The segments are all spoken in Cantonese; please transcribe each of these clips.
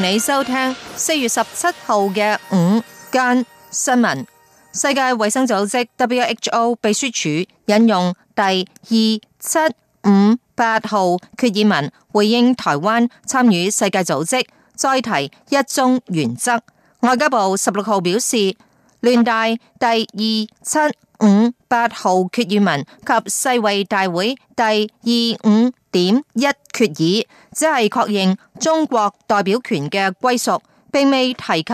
你收聽四月十七號嘅午間新聞。世界衛生組織 WHO 秘書處引用第二七五八號決議文回應台灣參與世界組織，再提一中原則。外交部十六號表示，聯大第二七五八號決議文及世衛大會第二五。點一決議，只係確認中國代表權嘅歸屬，並未提及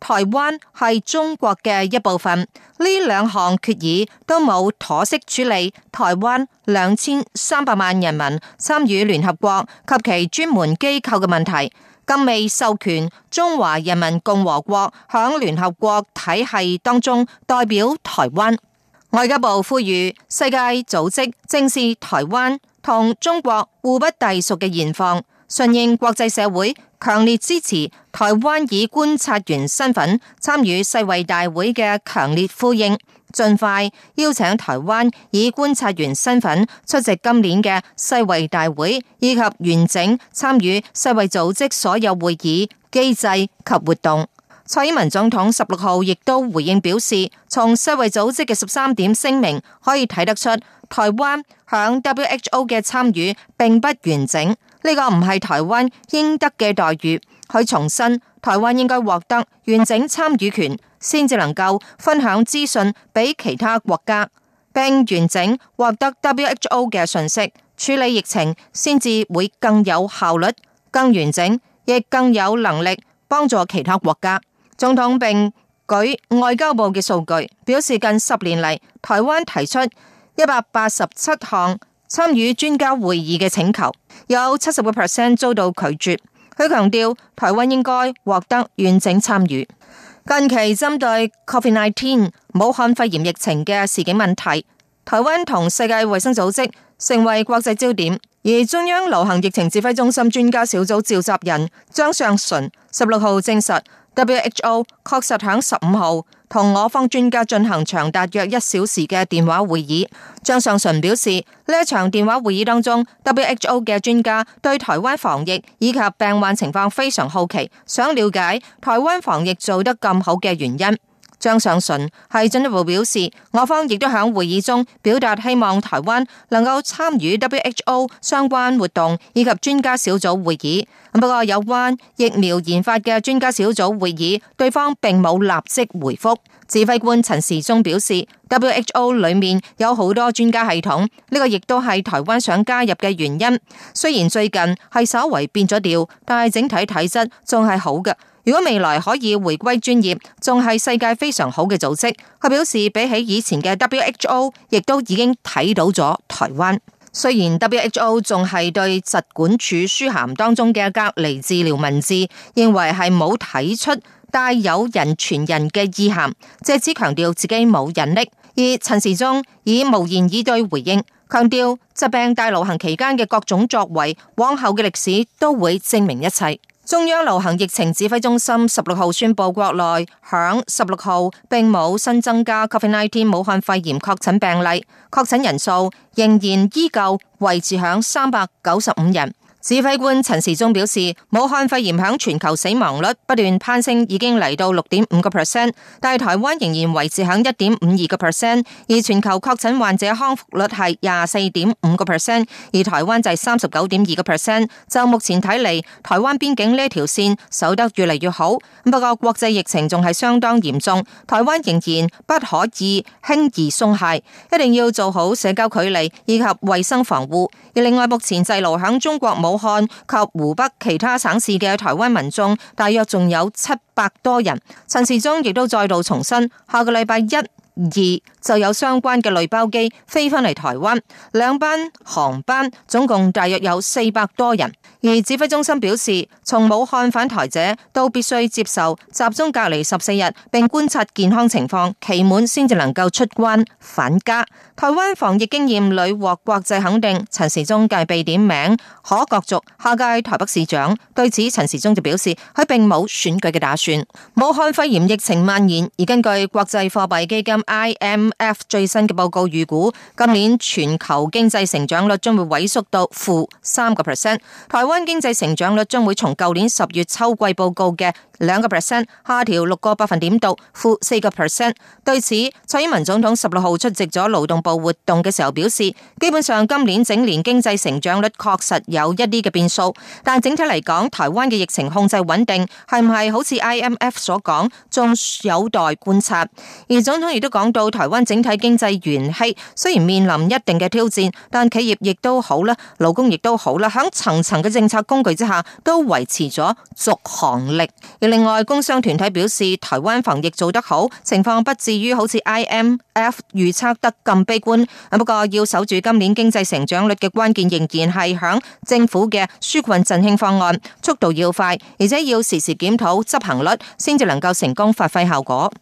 台灣係中國嘅一部分。呢兩項決議都冇妥適處理台灣兩千三百萬人民參與聯合國及其專門機構嘅問題，更未授權中華人民共和國響聯合國體系當中代表台灣。外交部呼籲世界組織正視台灣，同中國互不隸屬嘅現況，順應國際社會強烈支持台灣以觀察員身份參與世衛大會嘅強烈呼應，盡快邀請台灣以觀察員身份出席今年嘅世衛大會，以及完整參與世衛組織所有會議、機制及活動。蔡英文總統十六號亦都回應表示，從世衛組織嘅十三點聲明可以睇得出。台灣響 WHO 嘅參與並不完整，呢個唔係台灣應得嘅待遇。佢重申，台灣應該獲得完整參與權，先至能夠分享資訊俾其他國家，並完整獲得 WHO 嘅信息，處理疫情，先至會更有效率、更完整，亦更有能力幫助其他國家。總統並舉外交部嘅數據，表示近十年嚟，台灣提出。一百八十七項參與專家會議嘅請求，有七十個 percent 遭到拒絕。佢強調，台灣應該獲得完整參與。近期針對 Covid nineteen 武漢肺炎疫情嘅事件問題，台灣同世界衛生組織成為國際焦點。而中央流行疫情指揮中心專家小組召集人張上淳十六號證實，WHO 確實響十五號。同我方專家進行長達約一小時嘅電話會議，張上淳表示呢一場電話會議當中，WHO 嘅專家對台灣防疫以及病患情況非常好奇，想了解台灣防疫做得咁好嘅原因。張上淳係進一步表示，我方亦都喺會議中表達希望台灣能夠參與 WHO 相關活動以及專家小組會議。不過，有關疫苗研發嘅專家小組會議，對方並冇立即回覆。指揮官陳時中表示，WHO 裏面有好多專家系統，呢、這個亦都係台灣想加入嘅原因。雖然最近係稍微變咗調，但係整體體質仲係好嘅。如果未來可以回歸專業，仲係世界非常好嘅組織。佢表示，比起以前嘅 WHO，亦都已經睇到咗台灣。雖然 WHO 仲係對疾管署書函當中嘅隔離治療文字，認為係冇睇出帶有人傳人嘅意涵，借此強調自己冇隱匿。而陳時中以無言以對回應，強調疾病大流行期間嘅各種作為，往後嘅歷史都會證明一切。中央流行疫情指揮中心十六號宣布，國內響十六號並冇新增加 COVID-19 武漢肺炎確診病例，確診人數仍然依舊維持響三百九十五人。指揮官陳時中表示，武漢肺炎響全球死亡率不斷攀升，已經嚟到六點五個 percent，但係台灣仍然維持響一點五二個 percent。而全球確診患者康復率係廿四點五個 percent，而台灣就係三十九點二個 percent。就目前睇嚟，台灣邊境呢條線守得越嚟越好。不過國際疫情仲係相當嚴重，台灣仍然不可以輕易鬆懈，一定要做好社交距離以及衛生防護。而另外目前滯留響中國武。武漢及湖北其他省市嘅台灣民眾，大約仲有七百多人。陳時中亦都再度重申，下個禮拜一，二就有相關嘅類包機飛返嚟台灣，兩班航班總共大約有四百多人。而指揮中心表示，從武漢返台者都必須接受集中隔離十四日，並觀察健康情況，期滿先至能夠出關返家。台灣防疫經驗屢獲國際肯定，陳時中繼被點名可角逐下屆台北市長。對此，陳時中就表示，佢並冇選舉嘅打算。武漢肺炎疫情蔓延，而根據國際貨幣基金。IMF 最新嘅報告預估今年全球經濟成長率將會萎縮到負三個 percent，台灣經濟成長率將會從舊年十月秋季報告嘅兩個 percent 下調六個百分點到負四個 percent。對此，蔡英文總統十六號出席咗勞動部活動嘅時候表示，基本上今年整年經濟成長率確實有一啲嘅變數，但整體嚟講，台灣嘅疫情控制穩定，係唔係好似 IMF 所講，仲有待觀察。而總統亦都。講到台灣整體經濟元氣，雖然面臨一定嘅挑戰，但企業亦都好啦，勞工亦都好啦，響層層嘅政策工具之下，都維持咗續航力。而另外，工商團體表示，台灣防疫做得好，情況不至於好似 IMF 預測得咁悲觀。不過，要守住今年經濟成長率嘅關鍵，仍然係響政府嘅紓困振興方案，速度要快，而且要時時檢討執行率，先至能夠成功發揮效果。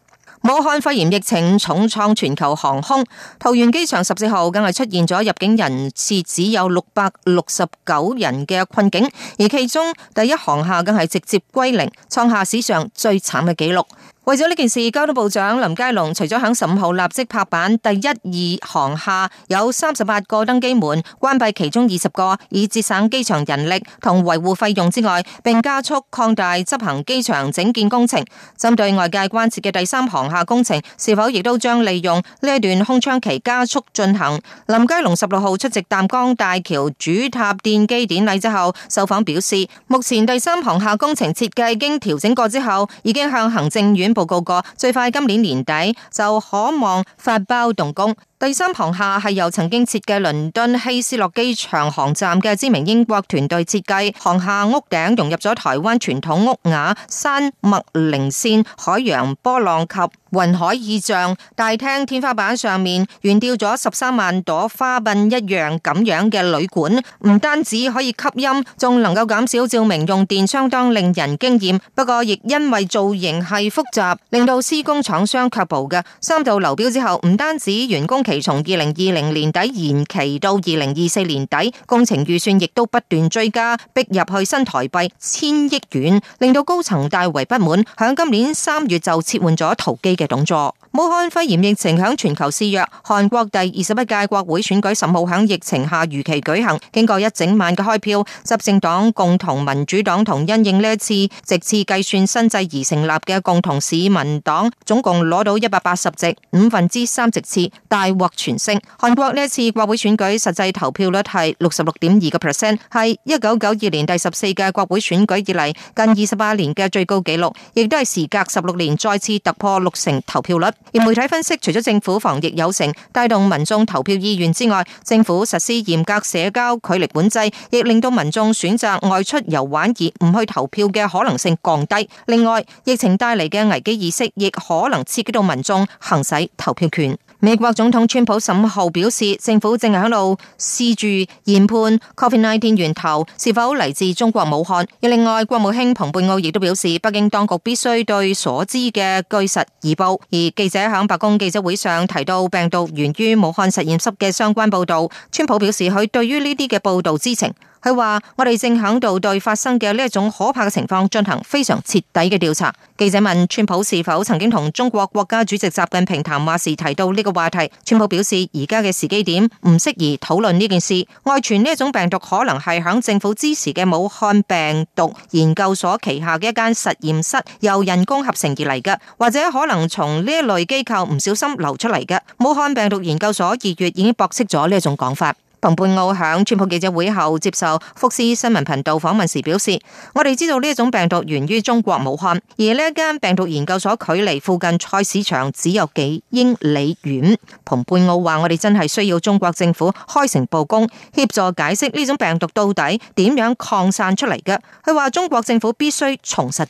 武漢肺炎疫情重創全球航空，桃園機場十四號更係出現咗入境人次只有六百六十九人嘅困境，而其中第一航廈更係直接歸零，創下史上最慘嘅紀錄。為咗呢件事，交通部長林佳龍除咗喺十五號立即拍板第一二航廈有三十八個登機門關閉，其中二十個以節省機場人力同維護費用之外，並加速擴大執行機場整建工程。針對外界關切嘅第三航廈工程是否亦都將利用呢一段空窗期加速進行，林佳龍十六號出席淡江大橋主塔奠基典禮之後，受訪表示，目前第三航廈工程設計經調整過之後，已經向行政院。報告過最快今年年底就可望發包動工。第三航廈係由曾經設計倫敦希斯洛機場航站嘅知名英國團隊設計，航廈屋頂融入咗台灣傳統屋瓦、山脈、靈線、海洋波浪及雲海意象。大廳天花板上面懸吊咗十三萬朵花瓣一樣咁樣嘅旅館，唔單止可以吸音，仲能夠減少照明用電，相當令人驚艷。不過亦因為造型係複雜，令到施工廠商卻步嘅。三度流標之後，唔單止員工。其從二零二零年底延期到二零二四年底，工程預算亦都不斷追加，逼入去新台幣千億元，令到高層大為不滿。響今年三月就撤換咗桃機嘅動作。武漢肺炎疫情響全球肆虐，韓國第二十一屆國會選舉十號響疫情下如期舉行。經過一整晚嘅開票，執政黨共同民主黨同因應呢次席次計算新制而成立嘅共同市民黨，總共攞到一百八十席，五分之三席次大獲全勝。韓國呢一次國會選舉實際投票率係六十六點二個 percent，係一九九二年第十四屆國會選舉以嚟近二十八年嘅最高紀錄，亦都係時隔十六年再次突破六成投票率。而媒體分析，除咗政府防疫有成帶動民眾投票意願之外，政府實施嚴格社交距離管制，亦令到民眾選擇外出遊玩而唔去投票嘅可能性降低。另外，疫情帶嚟嘅危機意識亦可能刺激到民眾行使投票權。美國總統。川普審後表示，政府正喺度試住研判 COVID-19 源頭是否嚟自中國武漢。而另外，國務卿蓬佩奧亦都表示，北京當局必須對所知嘅據實而報。而記者喺白宮記者會上提到病毒源於武漢實驗室嘅相關報導，川普表示佢對於呢啲嘅報導知情。佢話：我哋正響度對發生嘅呢一種可怕嘅情況進行非常徹底嘅調查。記者問川普是否曾經同中國國家主席習近平談話時提到呢個話題，川普表示而家嘅時機點唔適宜討論呢件事。外傳呢一種病毒可能係響政府支持嘅武漢病毒研究所旗下嘅一間實驗室由人工合成而嚟嘅，或者可能從呢一類機構唔小心流出嚟嘅。武漢病毒研究所二月已經駁斥咗呢一種講法。蓬佩奧響川普記者會後接受福斯新聞頻道訪問時表示：我哋知道呢一種病毒源於中國武漢，而呢一間病毒研究所距離附近菜市場只有幾英里遠。蓬佩奧話：我哋真係需要中國政府開誠布公協助解釋呢種病毒到底點樣擴散出嚟嘅。佢話：中國政府必須重實。